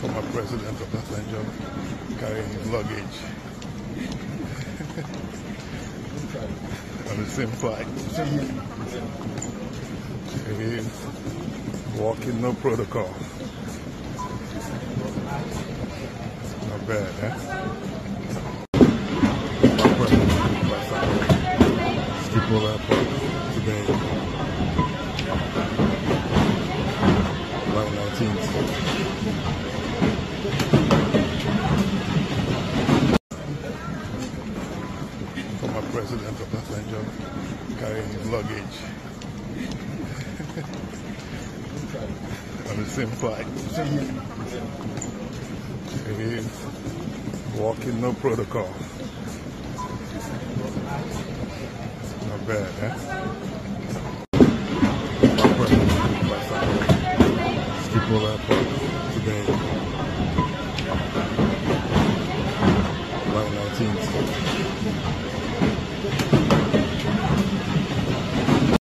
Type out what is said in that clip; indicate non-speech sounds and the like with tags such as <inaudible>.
Former president of Passenger carrying his luggage on <laughs> the same flight. He's walking no protocol. Not bad, huh? Schiphol Airport today. 18th. Former president of Passenger carrying his luggage <laughs> on the same flight. He's walking no protocol. Not bad, huh? pull up today, July 19th.